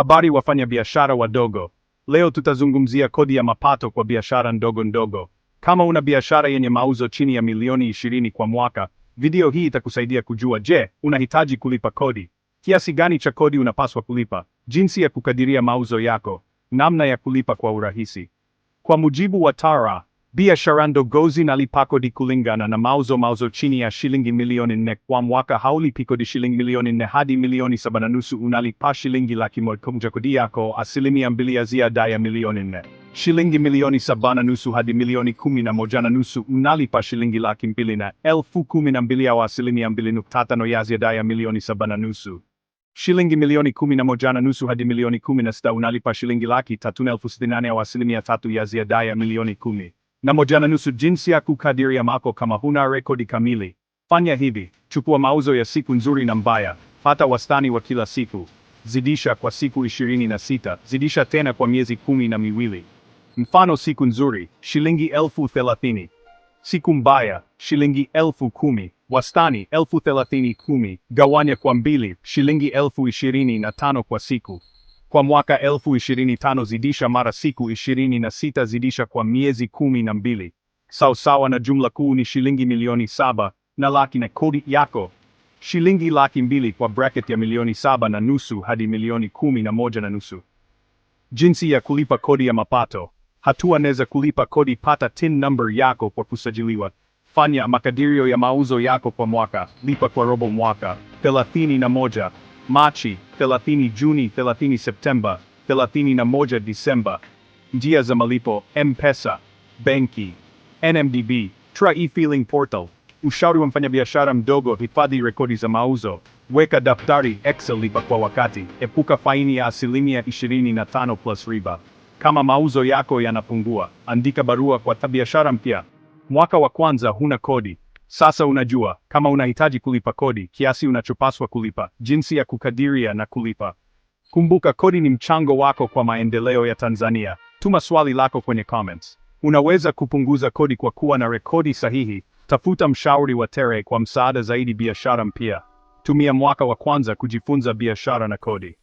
Habari biashara wadogo, leo tutazungumzia kodi ya mapato kwa biashara ndogo ndogo. Kama una biashara yenye mauzo chini ya milioni ishirini kwa mwaka, video hii itakusaidia kujua, je, unahitaji kulipa kodi? Kiasi gani cha kodi unapaswa kulipa? Jinsi ya kukadiria mauzo yako, namna ya kulipa kwa urahisi. Kwa mujibu wa TARA, Biashara ndogo zinalipakodi kulingana na mauzo. Mauzo chini ya shilingi milioni nne kwa mwaka haulipikodi shilingi milioni nne hadi milioni saba na nusu unalipa shilingi laki moja kumja kodi yako, asilimia mbili ya ziada ya milioni nne. Shilingi milioni saba na nusu hadi milioni kumi na moja na nusu unalipa shilingi laki mbili na elfu kumi na mbili au asilimia mbili nukta tano ya ziada ya milioni saba na nusu. Shilingi milioni kumi na moja na nusu hadi milioni kumi na sita unalipa shilingi laki tatu na elfu sitini na nane au asilimia tatu ya ziada ya milioni kumi na moja na nusu jinsi ya kukadiria mako kama huna rekodi kamili. Fanya hivi: chukua mauzo ya siku nzuri na mbaya, pata wastani wa kila siku, zidisha kwa siku ishirini na sita, zidisha tena kwa miezi kumi na miwili. Mfano, siku nzuri shilingi elfu thelathini, siku mbaya shilingi elfu kumi, wastani elfu thelathini kumi, gawanya kwa mbili, shilingi elfu ishirini na tano kwa siku kwa mwaka elfu ishirini tano zidisha mara siku ishirini na sita zidisha kwa miezi kumi na mbili sawasawa na jumla kuu ni shilingi milioni saba na laki na kodi yako shilingi laki mbili kwa bracket ya milioni saba na nusu hadi milioni kumi na moja na nusu. Jinsi ya kulipa kodi ya mapato. Hatua neza kulipa kodi: pata TIN number yako kwa kusajiliwa, fanya makadirio ya mauzo yako kwa mwaka, lipa kwa robo mwaka thelathini na moja Machi, 30 Juni, 30 Septemba, 31 Disemba. Njia za malipo: M-Pesa, benki, NMDB, Tra e-filing portal. Ushauri wa mfanyabiashara mdogo: hifadhi rekodi za mauzo, weka daftari Excel, lipa kwa wakati, epuka faini ya asilimia 25 plus riba. Kama mauzo yako yanapungua, andika barua kwa biashara mpya. Mwaka wa kwanza huna kodi. Sasa unajua kama unahitaji kulipa kodi, kiasi unachopaswa kulipa, jinsi ya kukadiria na kulipa. Kumbuka, kodi ni mchango wako kwa maendeleo ya Tanzania. Tuma swali lako kwenye comments. Unaweza kupunguza kodi kwa kuwa na rekodi sahihi. Tafuta mshauri wa TRA kwa msaada zaidi. Biashara mpya, tumia mwaka wa kwanza kujifunza biashara na kodi.